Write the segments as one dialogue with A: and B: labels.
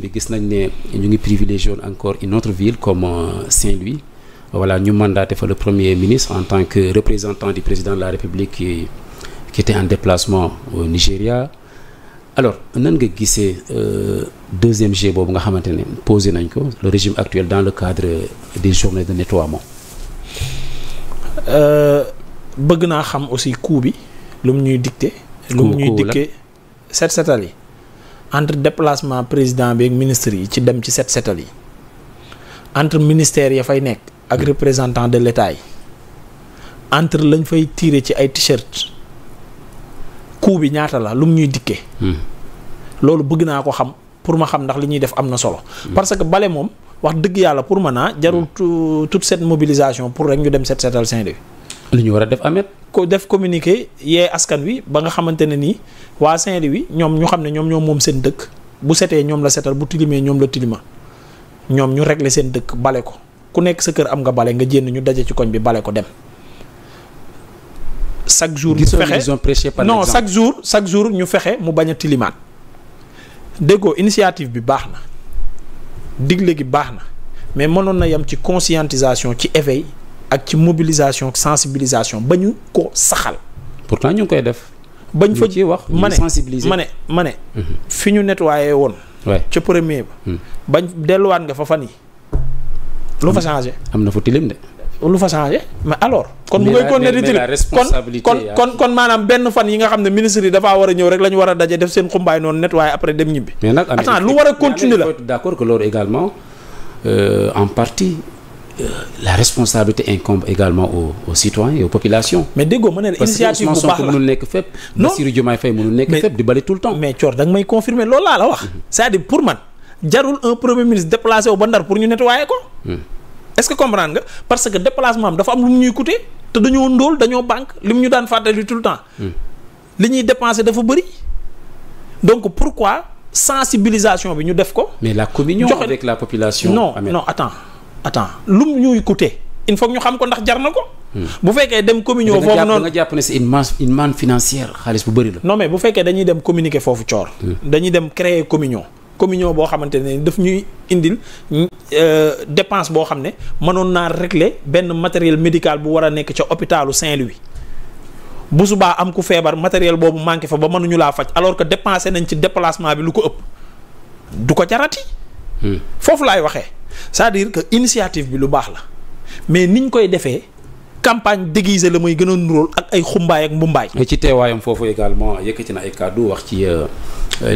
A: bi gis nañ ne ñu ngi privilégié woon encore une autre ville comme euh, Saint-Louis voilà ñu mandaté fa le premier ministre en tant que représentant du président de la République qui qui était en déplacement au Nigéria alors nan nga gisee euh, deuxième G boobu nga xamante ne posé nañ ko le régime actuel dans le cadre des journées de nettoiement. Euh, bëgg naa xam aussi coût bi lu mu ñuy
B: dicté. lu mu ñuy dicté set setal yi. entre déplacement président bi ak ministre yi ci dem ci set setal yi entre ministère ya fay nekk ak représentant de l'état yi entre lañ fay tiire ci ay t-shirt coût bi ñaata la lu mu ñuy dikkee. Hmm. loolu bëgg naa ko xam pour ma xam ndax li ñuy def am na solo. Hmm. parce que bale moom wax dëgg yàlla pour man naa jarul hmm. tout cette mobilisation pour rek ñu dem set setal Saint-Louis. li ñu war a def amet ko def communique yee askan wi ba nga xamante ne nii waa Saint-Louis ñoom ñu xam ne ñoom ñoom moom seen dëkk bu setee ñoom la setal bu tilimee ñoom la tilima ñoom ñu régler seen dëkk bale ko ku nekk sa kër am nga bale nga jénn ñu daje ci koñ bi bale ko dem chaque jour ñu fexe non chaque jour chaque jour ñu fexe mu bañ a tilimaat déggoo initiative bi baax na digle gi baax na mais mënoon na yem ci conscientisation ci éveil ak ci mobilisation sensibilisation ba ñu ko saxal. pourtant ñu ngi koy def. bañ fa ci wax ma ne ma ne ma ne. fi ñu nettoyé woon. ca premier ba. Hmm. bañ delluwaat nga fa fan yi lu fa hmm. changé.
A: am na fu tilim de.
B: lu fa changé mais alors. kon bu ngay continuer di kon kon maanaam benn fan yi nga xam ne ministre yi dafaa war a ñëw rek lañu war a daje def seen xumbaay noonu nettoyé après dem ñibbi. mais nag am lu war a continuer
A: la. d'accord que loolu également euh, en partie. Euh, la responsabilité incombe également aux aux citoyens et aux populations. mais déggoo ma ne la initiative bu baax la parce que mënul nekk fépp. non Bassirou Diomaye Faye mënul nekk fépp di bale tout le temps. mais Thior da nga may confirmer loolu laa la wax. Mhm. c'est-à-dire pour man
B: jarul un premier ministre déplacé wu ba Ndar pour ñu nettoyer ko. Hmm. est-ce que comprendre nga parce que déplacement am dafa am lu mu ñuy coûter te dañoo ndóol dañoo banque li mu ñu daan fàttali tout le temps. Hmm. li ñuy dépenser dafa bëri donc pourquoi sensibilisation bi ñu def ko. mais la communion avec la population. non non attends. attends lum ñuy coûter il faut ñu xam ko ndax jar na ko. Hmm. bu fekkee dem communion foofu noonu nga jàpp ne si une manne une manne financière xaalis bu bari la. non mais bu fekkee dañuy dem communiquer foofu coor. Hmm. dañuy dem créer communion. communion boo xamante ne daf ñuy indil mm, euh, dépense boo xam ne mënoon naa régler benn matériel médical bu war a nekk ca hôpitalu Saint-Louis. bu baa am ku feebar matériel boobu manqué fa ba mënuñu laa faj alors que dépensé nañ ci déplacement bi lu ko ëpp ko jarati. Hmm. foofu laay waxee. c'est-à-dire que initiative bi lu baax la mais niñ koy defee campagne déguisée la muy gën a nuróol ak ay xumbaay ak mbumbaay.
A: ci teewaayam foofu également yëkkati na ay kàddu wax ci euh,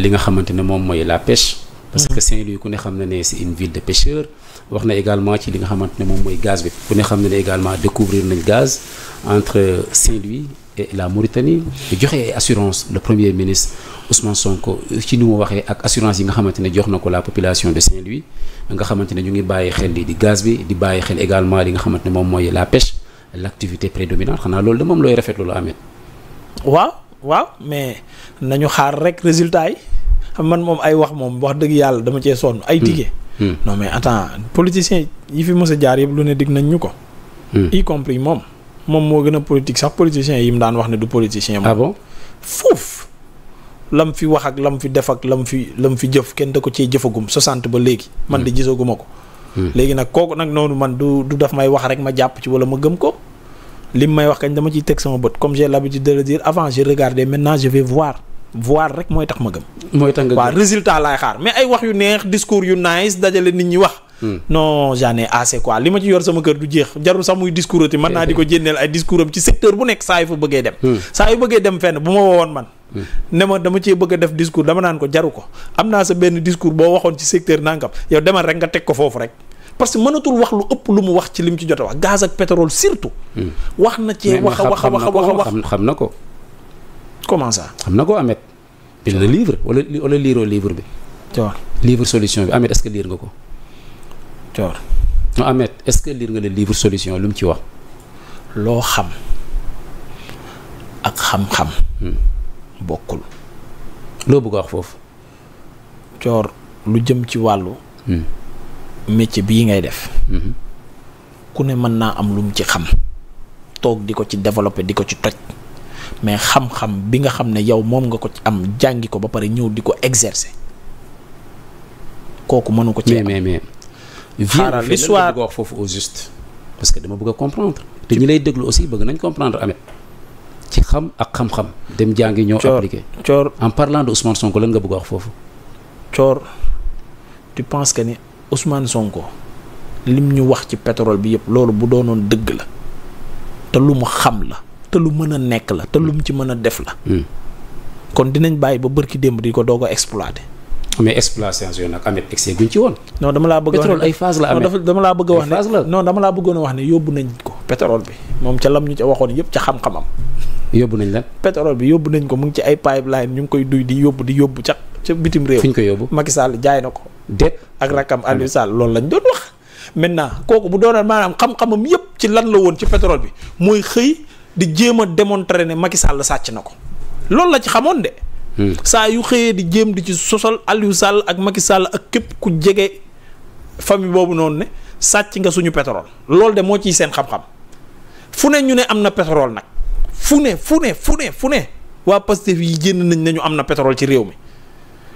A: li nga xamante ne moom mooy la pêche. parce que mhm. Saint-Louis ku ne xam na ne c'est une ville de pêcheurs wax na également ci li nga xamante ne moom mooy gaz bi. ku ne xam na ne également découvrir nañ gaz entre Saint-Louis. et la Mauritanie joxe ay assurance le premier ministre Ousmane Sonko euh, ci ni mu waxee ak assurance yi nga xamante ne jox na ko la population de Saint-Louis nga xamante ne ñu ngi bàyyi xel li di gaz bi di bàyyi xel également li nga xamante ne moom mooy la pêche l'activité prédominante xanaa loolu de moom looy rafetlu la amee. waaw
B: waaw mais nañu xaar rek résultat yi xam man moom ay wax moom wax dëgg yàlla dama cee sonn ay hmm. dige. Hmm. non mais attends politiciens yi fi mës a jaar yëpp lu ne dig nañ ñu ko. Hmm. y compris moom. moom moo gën a politique sax politicien yi mu daan wax ne du politicien ah bon la lam fi wax ak la mu fi def ak la mu fi la mu fi jëf kenn da ko cee jëfagum 60 ba léegi man de hmm. gisaguma ko hmm. léegi nag kooku nag noonu man du du daf may wax rek ma jàpp ci wala ma gëm ko lim may wax kañ dama ciy teg sama bët comme j'ai l'habitude de le dire avant j'ai regardé maintenant je vais voir voir rek mooy tax ma gëm mooy tax nga waaw résultat laay xaar mais ay wax yu neex discours yu nice dajale nit ñi wax non j'en ai assez quoi li ma ci yor sama kër du jeex jarul sax muy discours ati man naa di ko jénneel ay discours am ci secteur bu nekk saa yu fa bëggee dem hmm. saa yu bëggee dem fenn bu ma woowoon man hmm. ne ma dama cee bëgg def discours dama naan ko jaru ko am naa sa benn discours boo waxoon ci secteur nangam yow demal rek nga teg ko foofu rek parce que mënatul wax lu ëpp lu mu wax ci li mu ci jot a wax gaz
A: ak pétrole surtout hmm. wax na ci wax a wax a wax a wax a wax xam na ko comment xam na ko Ahmed bind na wala wala liiroo livre bi livre solution bi Ahmed est-ce que liir nga ko coor non Ahmed est-ce que lire nga le livre solution lu mu ci wax loo xam ak xam-xam hmm.
B: bokkul loo bugg a wax foofu coor lu jëm ci wàllu hmm. métier bii ngay def hmm. ku ne mën naa am lu mu ci xam toog di ko ci développer di ko ci toj mais xam-xam bi nga xam ne yow moom nga ko ci am jàngi ko ba pare ñëw di ko exercer
A: kooku mënu ko ci mais xaaral histoire bëgg a wax foofu au juste parce que dama bëgg a comprendre te ñi lay déglu aussi bëgg nañ comprendre amet ci xam ak xam-xam dem jàngi ñoo appliqué coor en parlant de Ousmane Sonko lan nga bëgg a wax foofu coor
B: que ni Ousmane Sonko lim ñu wax ci pétrole bi yëpp loolu bu doonoon dëgg la te lu mu xam la te lu mën a nekk la te lu ci mën a def la hmm. kon dinañ bàyyi ba bërki démb di ko doo ko exploité mais exploitation yooyu nag amet excès guñ ci woon. non dama laa bëgg pétrole ay wax ne non dama laa bëggoon a wax ne yóbbu nañ ko pétrole bi moom ca nañ ko mu ngi ay pipeline ñu koy duy di yóbbu di yóbbu ca ca bitim réew. fi ñu jaay na ko. déet ak rakam ah, Aliou Sall loolu lañ doon wax. maintenant kooku bu xam-xamam yëpp ci lan la woon ci pétrole bi mooy xëy di jéem a démontrer ne Macky Sall sàcc na ko loolu la ci xamoon de saa yu xëyee di jéem di ci sosol Aliou Sall ak Macky sàll ak képp ku jege famille boobu noonu ne sàcc nga suñu pétrole loolu de moo ciy seen xam-xam fu ne ñu ne am na pétrole nag fu ne fu ne fu ne fu ne waa Pastef yi génn nañ nañu am na pétrole ci réew mi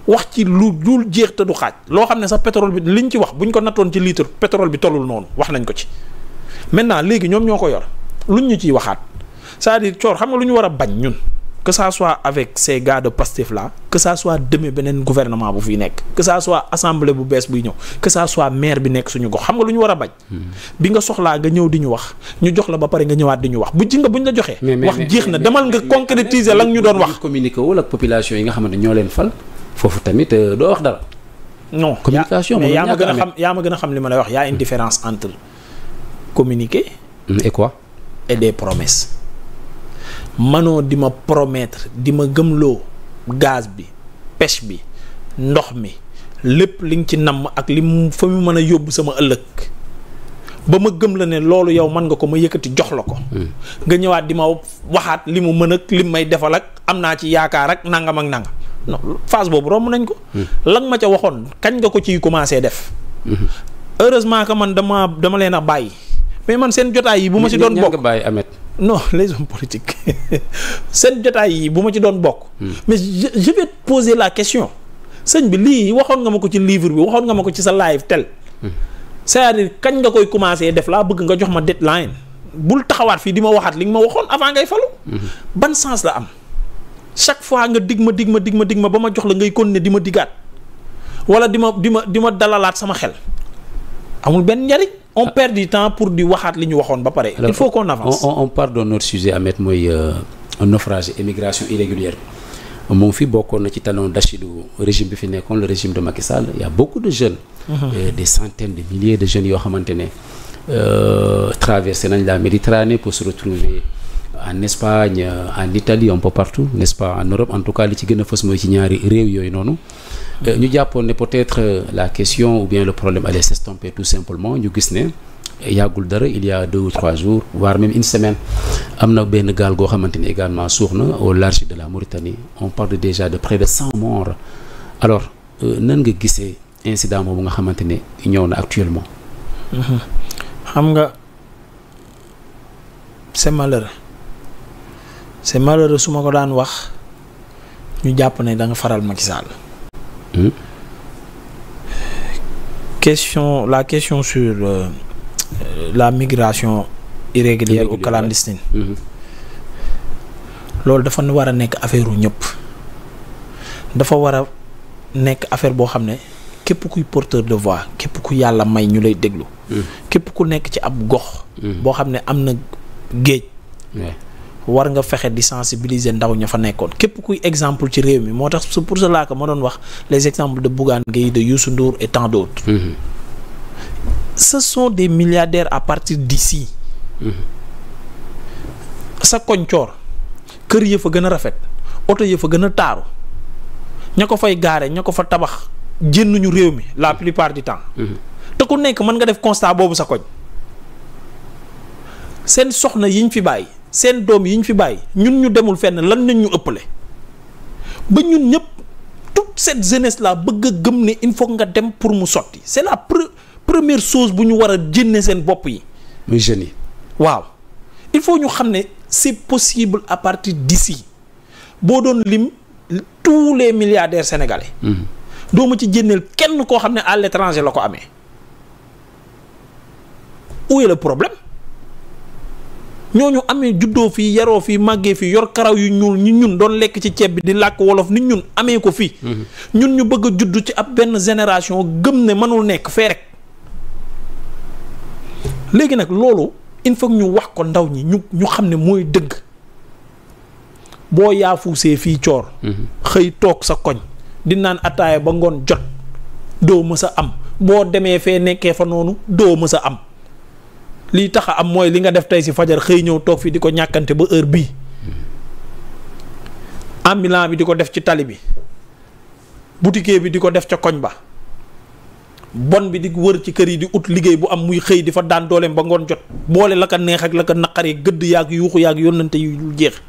B: wax ci lu dul jeex te du xaaj loo xam ne sa pétrole bi liñ ci wax buñ ko nattoon ci litre pétrole bi tollul noonu wax nañ ko ci maintenant léegi ñoom ñoo ko yor luñ ñu ciy waxaat cest di dire coor xam nga lu ñu war a bañ ñun. que ça soit avec ces gars de la là que ça soit demee beneen gouvernement bu fi nekk que ça soit assemblée bu bees buy ñëw que ça soit maire bi nekk suñu gox xam nga lu ñu war a bañ. Hmm. bi nga soxlaa nga ñëw di ñu wax ñu jox la ba pare nga ñëwaat di ñu wax bu ji nga buñ la joxee. wax jeex na demal nga concrétiser la ñu doon wax.
A: communiqué wul ak yi nga xamante ñoo leen fal foofu tamit euh, doo wax dara.
B: non communication yaa ma gën a xam
A: yaa ma gën xam li ma lay wax y a une hmm. différence entre communiquer. Hmm, et quoi.
B: et des promesses. manoo di ma promettre di ma gëmloo gaz bi pêche bi ndox mi lépp li nga ci namm ak li mu fa mu mën a yóbbu sama ëllëg ba ma gëm la ne loolu yow man nga ko ma yëkkati jox la ko. Hmm. nga ñëwaat di ma waxaat li mu mën ak li may defal ak am naa ci yaakaar ak nangam ak nangam non phase boobu romb nañ ko. Hmm. lan ma ca waxoon kañ nga ko ciy commencé def. Hmm. heureusement que man dama dama leen a bàyyi mais man seen jotaay yi bu ma si doon bokk bàyyi Ameth non les hommes politiques seen jotaay yi bu ma ci doon bokk. Hmm. mais je, je vais la question sëñ bi lii waxoon nga ma ko ci livre bi waxoon nga ma ko ci sa live tel. Hmm. cest à kañ nga koy commencer def laa bëgg nga jox ma deadline bul taxawaat fii di ma waxaat li nga ma waxoon avant ngay falu. Hmm. ban sens la am chaque fois nga digg ma digg ma digg ma dig ma ba ma jox la ngay continuer di ma digaat wala di ma di ma di ma dalalaat sama xel. amul benn njariñ on ah. perd du temps pour di waxaat li ñu waxoon ba pare. il faut qu'on avance on,
A: on part dans notre mooy euh, naufrage immigration irrégulière moom fi bokkoon na ci talon d'Achille du régime bi fi nekkoon le régime de Macky Sall y a beaucoup de jeunes. Mm-hmm. des centaines de milliers de jeunes yoo xamante ne euh, traversé nañ la Méditerranée pour se retrouver en Espagne en Italie un peu partout n'est-ce pas en Europe en tout cas li ci gën a fës mooy ci ñaari réew yooyu Euh, ñu jàppoon ne peut-être euh, la question ou bien le problème allait s'estomper tout simplement ñu gis ne yàggul dara il y a deux ou trois jours voire même une semaine am na benn gaal goo xamante ni également suux na au large de la Mauritanie on parle déjà de près de cent morts alors euh, nan nga gisee incident boobu nga xamante ne ñëw na actuellement.
B: Mhm. xam nga c'est malheureux c'est malheureux su ma ko daan wax ñu jàpp ne da nga faral Macky Sall Euh, question, la question sur euh, la migration irrégulière Irrégulier, clandestine. Mhm. Ouais. dafa war a nekk affaire u ñëpp dafa war a nekk affaire boo xam ne képp kuy porteur de voix képp ku yàlla may ñu lay déglu. Mhm. képp ku nekk ci ab gox. Mhm. boo xam ne am na géej. war nga fexe di sensibiliser ndaw ña fa nekkoon képp kuy exemple ci réew mi moo tax su pour laa ko ma doon wax les exemples de Bougane Gueye de Youssou Ndour et tant d'autres sa mm-hmm. ce de des milliardaires à partir d'ici sa koñ coor kër ya fa gën a rafet oto ya fa gën a taaru ña ko fay gaaree ña ko fa tabax jënnuñu réew mi la mm-hmm. plupart du temps mm-hmm. te ku nekk mën nga def constat boobu sa koñ seen soxna yiñ fi bàyyi seen doom yi ñu fi bàyyi ñun ñu demul fenn lan nañ ñu ëppale ba ñun ñëpp toute cette jeunes là bëgg a gëm ne il faut nga dem pour mu sotti c'est la pre première chose bu ñu war a jënne seen bopp yi. jeunes yi. waaw il faut ñu xam ne c'est possible à partir d'ici boo doon lim tous les milliardaires sénégalais. doo ma ci jënneel kenn koo xam ne à l'étranger la ko amee. où est le problème. ñooñu amee juddoo fii yaroo fii màggee fii yor karaw yu ñuul ñu ñun doon lekk ci ceeb bi di làkk wolof ni ñun amee ko fii. Mhm. ñun ñu bëgg a judd ci ab benn génération gëm ne mënul nekk fee rek. léegi nag loolu il ñu wax ko ndaw ñi ñu ñu xam ne mooy dëgg boo yaafusee fii coor. Mhm. xëy toog sa koñ di naan ataaya ba ngoon jot doo mës a am boo demee fee nekkee fa noonu doo mës a am. lii tax a am mooy li nga def tey si fajar xëy ñëw toog fii di ko ñàkkante ba heure bii ambulant bi di ko def ci tali bi boutiquier bi di ko def ca koñ ba bon bi di wër ci kër yi di ut liggéey bu am muy xëy di fa daan dooleem ba ngoon jot boole la ko neex ak la ko naqaree gëdd yaag yuuxu yaag yónnante yu jeex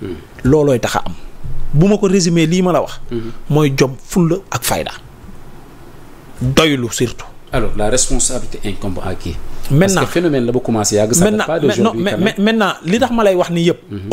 B: hmm. loolooy tax a am
A: bu ma ko résumé lii ma la wax hmm. mooy jom fulla ak fayda doylu surtout alors la responsabilité incombe à qui. maintenant parce que phénomène la ba commencé yàgg. ça date pas d'aujourd'hui maintenant li tax ma lay wax ni yëpp. Mhm.